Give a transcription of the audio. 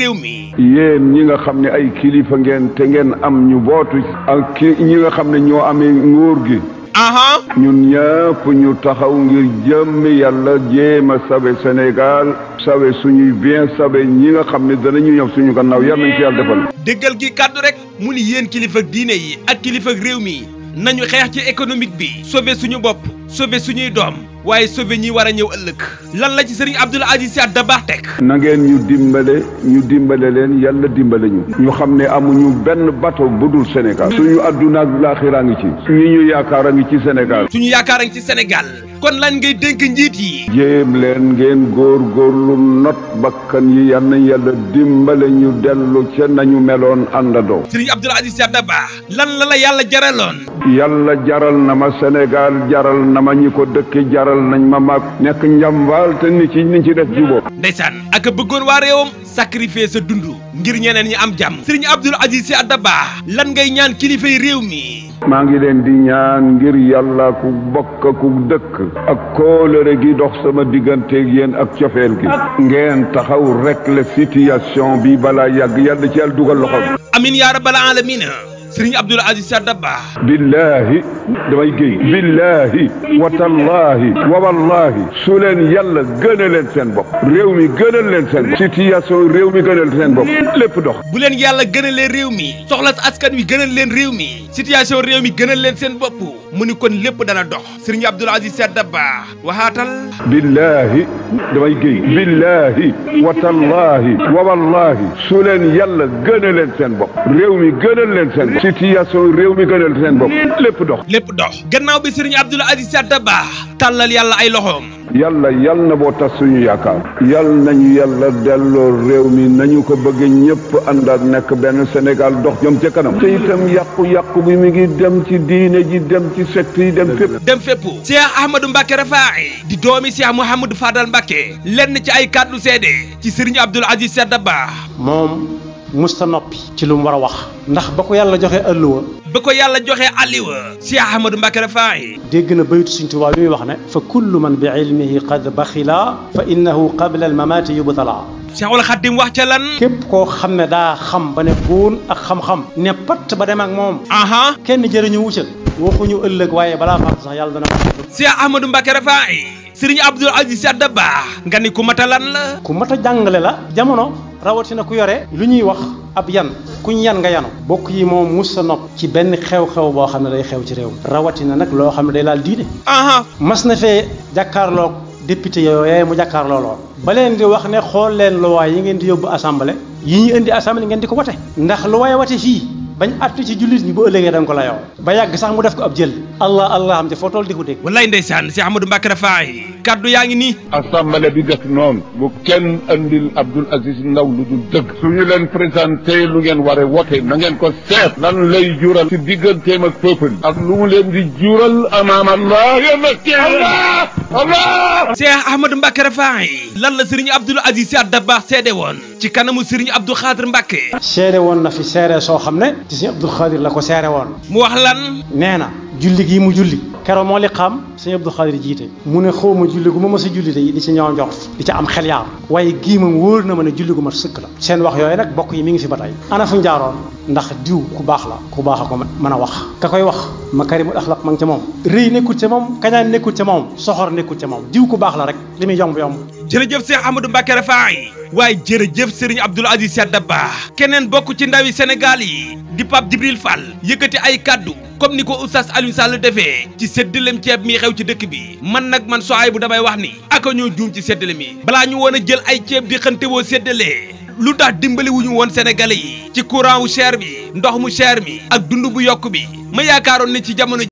réew mi yéen ñi nga xam ne ay kilifa ngeen te ngeen am ñu bootu ak ki ñi nga xam ne ñoo amee nguur gi aha ñun ñëpp ñu taxaw ngir jëmmi yàlla jéem a sabe Sénégal sabe suñuy bien sabe ñi nga xam ne danañu ñëw suñu gannaaw yàlla nañ ci yàlla defal dëggal gi kàddu rek mu ni yéen kilifa diine yi ak kilifa réew mi nañu xeex ci économique bi sobe suñu bopp sobe suñuy doom waaye sauver ñuy war a ñëw ëllëg lan la ci sëriñ Abdoul Aziz Sy Dabakh teg ñu dimbale ñu dimbale leen yàlla dimbale ñu ñu xam ne amuñu benn bato bu dul Sénégal suñu adduna ak laaxiraa ci ñi ñu yaakaar a ci Sénégal suñu yaakaar a ci senegal kon lan ngay dénk njiit yi jéem leen ngeen góor góor not bakkan yi yal nañ yàlla dimbale ñu dellu ca nañu meloon àndandoo sëriñ Abdoul Aziz Sy Dabakh lan la yàlla jaraloon yàlla jaral na ma senegal jaral na ma ñi ko dëkk jaral nañ ma lool te ni ci ni ci def jubóo. ndeysaan ak bëggoon waa réewam sacrifier sa dund ngir ñeneen ñi am jàmm. Serigne Abdoul Aziz Sy Dabakh lan ngay ñaan kilifa yi réew mi. maa ngi leen di ñaan ngir yàlla ku bokk ku dëkk. ak kóolëre gi dox sama digganteeg yéen ak cofeel gi. ngeen taxaw rek la situation bi balaa yàgg yàlla ci yàlla dugal loxo bi. amin yaa rabbal alamin Serigne Abdoul Aziz Sy Dabakh billaahi damay géy billaahi watallaahi wa wallaahi su leen yàlla gënal leen seen bopp réew mi gënal leen seen bopp situation réew mi gënal seen bopp lépp dox bu leen yàlla gënalee réew mi soxlas askan wi gënal leen réew mi situation réew mi gënal leen seen bopp mu ni kon lépp dana dox Serigne Abdoul Aziz Sy Dabakh waxaatal billaahi damay géy billaahi watallaahi wa wallaahi su leen yàlla gënal leen seen bopp réew mi gënal leen seen situation réew mi gënal seen bopp lépp dox lépp dox gannaaw bi sëriñ Abdoul Aziz Sy Dabakh tàllal yàlla ay loxoom yàlla yàlla na boo tas suñu yaakaar yàlla nañu yàlla delloo réew mi nañu ko bëgg ñëpp àndaat nekk benn senegal dox jëm jëkkanam kanam te itam yàqu-yàqu bi mi ngi dem ci diine ji dem ci secte yi dem fépp dem fépp Cheikh Ahmadou Mbacké Rafaay di doomi Cheikh Mouhamadou Fadal Mbacké lenn ci ay kàddu seede ci Serigne Abdoul Aziz Sy Dabakh moom musta noppi ci lu mu war a wax ndax ba ko yàlla joxee alluwa ba ko yàlla joxe alluwa si ahmadou mbàkke rafaayi dégg na baytu suñ tubaa bi muy wax ne fa kullu man bi ilmihi qad baxila fa innahu qabla al mamaati yubtala Seexul Xaadim wax ca lan képp koo xam ne daa xam ba ne góon ak xam-xam ne ba dem ak moom aha kenn jëriñu wucal waxuñu ëllëg waaye balaa faatu sax yàlla dana ko Cheikh Ahmadou Mbacke Rafaay Serigne Abdoul Aziz nga ni ku mat a lan la ku mat a jàngale la jamono rawatina ku yore lu ñuy wax ab yan kuñ yan nga yanu bokk yi moom mus sa nopp ci benn xew-xew boo xam ne lay xew ci réew mi rawatina nag loo xam ne day laal diine aha mas na fee jàkkaarloog député yooyee mu jàkkaarloo ba leen di wax ne xool leen loi yi ngeen di yóbbu assemblée yi ñuy indi assemblée ngeen di ko wote ndax loi wote fii bañ àtt ci jullit ñi bu ëllëgee da nga ko layoo ba yàgg sax mu def ko ab jël allah allah am te foo toll di ko dégg wallaay ndeysaan si Ahmadou Mbacke Rafaay kaddu yaa ngi nii assemblée bi def noonu bu kenn andil Abdoul Aziz Ndaw lu dul dëgg su ñu leen présenté lu ngeen war a wote na ngeen ko seet lan lay jural si digganteem ak peuple ak lu mu leen di jural amaam allah Allah Cheikh Ahmadou Mbacké Rafahi lan la Serigne Abdoul Aziz Sy Dabakh seede woon ci kanamu Serigne Abdou Khadir Mbacké seede woon na fi seere soo xam ne ci Serigne Abdou Khadir la ko seere woon mu wax lan nee na julli gii mu julli kero moo li xam Serigne Abdou jiite mu ne xaw ma julli gu ma mës a julli day di ci ñaaw njort di ci am xel yaar waaye gii moom wóor na ma ne julli gu ma sëkk la seen wax yooyu nag bokk yi mi ngi fi ba tey ana fu njaaroon ndax diw ku baax la ku baax a ko mën a wax ka koy wax makarimul axlaq ma ngi ca moom rëy nekkul ca moom kañaan nekkul ca moom soxor nekkul ca moom diw ku baax la rek li muy yomb yomb jërëjëf Cheikh Amadou Mbacke Rafaay waaye jërëjëf Serigne Abdoul Aziz Sy Dabakh keneen bokk ci ndawi Sénégal yi di Pape Djibril Fall yëkkati ay kàddu comme ni ko oustaz Alioune Sall defee ci séddalem ceeb mi xew ci dëkk bi man nag man bu damay wax ni aka ñoo juum ci seddale mi balaa ñu woon a jël ay ceeb di xëntewoo séddalee lu tax dimbali wu ñu woon sénégalais yi ci courant wu cher bi ndox mu cher mi ak dund bu yokk bi ma yaakaaroon ne ci jamono